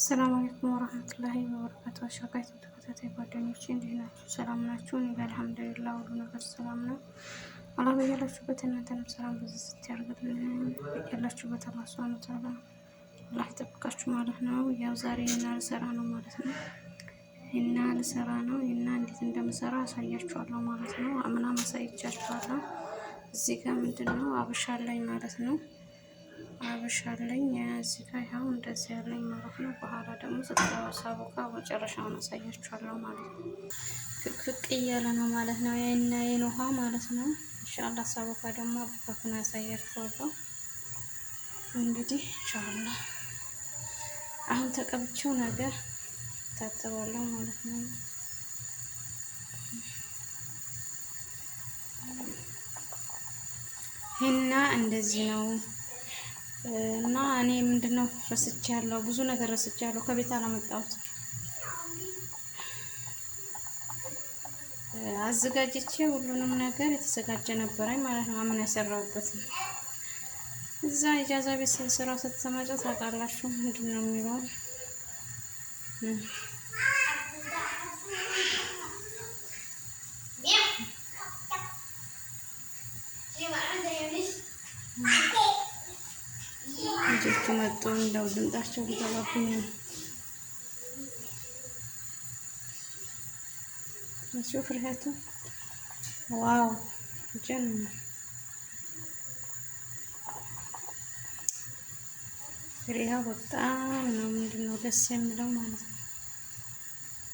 አሰላሙ አለይኩም ወረህመቱላሂ ወበረካቱ። አሻጋይ ተከታታይ ጓደኞች እንዴት ናችሁ? ሰላም ናችሁ? እኔ ጋር አልሐምዱሊላህ ሁሉ ነገር ሰላም ነው። አላህ በያላችሁበት እናንተንም ሰላም በዚህ ስትያርግልን ያላችሁበት አላህ ሱብሓነሁ ወተዓላ አላህ ይጠብቃችሁ ማለት ነው። ያው ዛሬ እና ልሰራ ነው ማለት ነው። እና ልሰራ ነው እና እንዴት እንደምሰራ አሳያችኋለሁ ማለት ነው። አምና ማሳይቻችኋለሁ። እዚህ ጋር ምንድን ነው አብሻ ላይ ማለት ነው አብሻለኝ እዚህ ጋር ያው እንደዚህ ያለኝ ማለት ነው። በኋላ ደግሞ ሳቦካ መጨረሻውን አሳያችኋለሁ ማለት ነው። ፍቅፍቅ እያለ ነው ማለት ነው። ይህና ይህን ውሃ ማለት ነው። እንሻላ ሳቦካ ደግሞ አቦካኩን አሳያችኋለሁ። እንግዲህ እንሻላ አሁን ተቀብቼው ነገር ታጥባለሁ ማለት ነው። ይህና እንደዚህ ነው። እና እኔ ምንድነው ረስቻለሁ፣ ብዙ ነገር ረስቻለሁ። ከቤት አላመጣሁት አዘጋጅቼ ሁሉንም ነገር የተዘጋጀ ነበረኝ ማለት ነው። አምን ያሰራሁበት እዛ ኢጃዛ ቤት ስራ ስትሰማጭ ታውቃላችሁ፣ ምንድን ነው የሚለው ልጆቹ መጡ። እንደው ድምጣቸው ሊገባብኝ ነው። እሱ ፍርሃቱ ዋው ጀምር ሪያው በጣም ነው ምንድን ነው ደስ የሚለው ማለት ነው።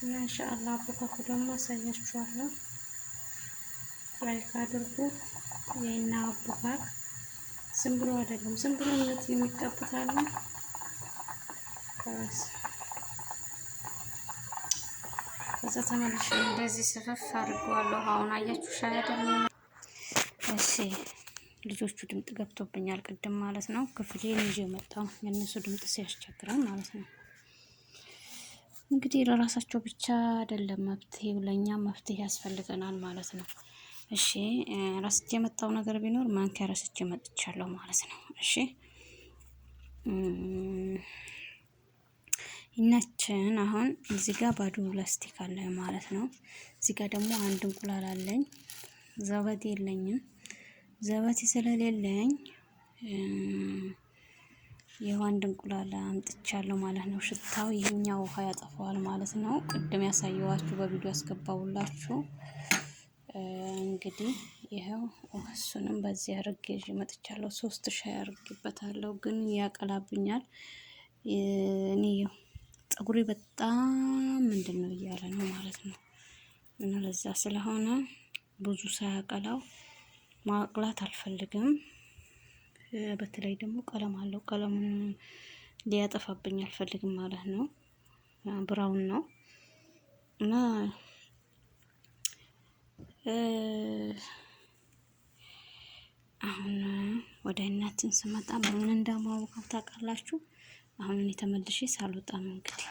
እና ኢንሻአላህ አቦካኩ ደግሞ አሳያችኋለሁ። ላይክ አድርጉ የና አቦካክ ዝም ብሎ አይደለም፣ ዝም ብሎ እምነት የሚቀቡት አለ። ከዛ ተመልሼ እንደዚህ ስፈፍ አድርገዋለሁ። አሁን አያችሁ ሻያደ እሺ፣ ልጆቹ ድምጥ ገብቶብኛል ቅድም ማለት ነው። ክፍሌ ይዤ መጣሁ። የእነሱ ድምጥ ሲያስቸግራል ማለት ነው። እንግዲህ ለራሳቸው ብቻ አይደለም መፍትሄው፣ ለእኛ መፍትሄ ያስፈልገናል ማለት ነው። እሺ ረስቼ የመጣው ነገር ቢኖር ማንኪያ ረስቼ መጥቻለሁ ማለት ነው። እሺ ይናችን አሁን እዚህ ጋር ባዶ ላስቲክ አለ ማለት ነው። እዚህ ጋር ደግሞ አንድ እንቁላል አለኝ። ዘበት የለኝም። ዘበት ስለሌለኝ ይኸው አንድ እንቁላል አምጥቻለሁ ማለት ነው። ሽታው ይሄኛው ውሃ ያጠፋዋል ማለት ነው። ቅድም ያሳየኋችሁ በቪዲዮ ያስገባውላችሁ እንግዲህ ይኸው እሱንም በዚህ አርግ ይዤ መጥቻለሁ። ሶስት ሻይ አርግበታለሁ፣ ግን ያቀላብኛል። እኔ ይኸው ፀጉሬ በጣም ምንድን ነው እያለ ነው ማለት ነው። እና ለዛ ስለሆነ ብዙ ሳያቀላው ማቅላት አልፈልግም። በተለይ ደግሞ ቀለም አለው፣ ቀለሙን ሊያጠፋብኝ አልፈልግም ማለት ነው። ብራውን ነው እና አሁን ወደ እናትን ስመጣ ምን እንደማወቀው ታውቃላችሁ? አሁን እኔ ተመልሼ ሳልወጣ ነው እንግዲህ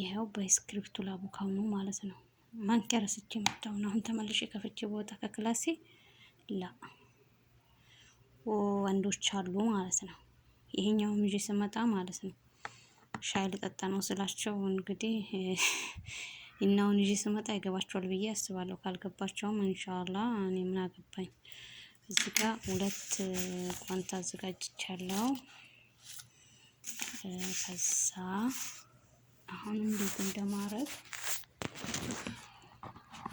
ይኸው በስክሪፕቱ ላቡካው ነው ማለት ነው። ማንኪያ ረስቼ መጣሁን አሁን ተመልሼ ከፍቼ በወጣ ከክላሴ ላ ወንዶች አሉ ማለት ነው። ይሄኛው ይዤ ስመጣ ማለት ነው ሻይ ልጠጣ ነው ስላቸው እንግዲህ እና አሁን ይዤ ስመጣ ይገባቸዋል ብዬ አስባለሁ። ካልገባቸውም እንሻላ እኔ ምን አገባኝ። እዚህ ጋር ሁለት ቋንት አዘጋጅቻለሁ። ከዛ አሁን እንዴት እንደማረግ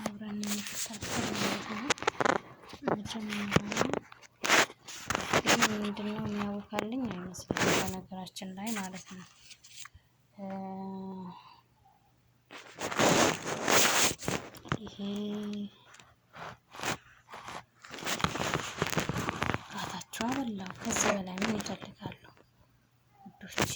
አብረን እንፈታተል ማለት ነው። መጀመሪያ ምንድነው የሚያወካልኝ አይመስለኝም በነገራችን ላይ ማለት ነው። ይሄ አታችሁ አበላው። ከዚህ በላይ ምን ይፈልጋሉ ውዶች?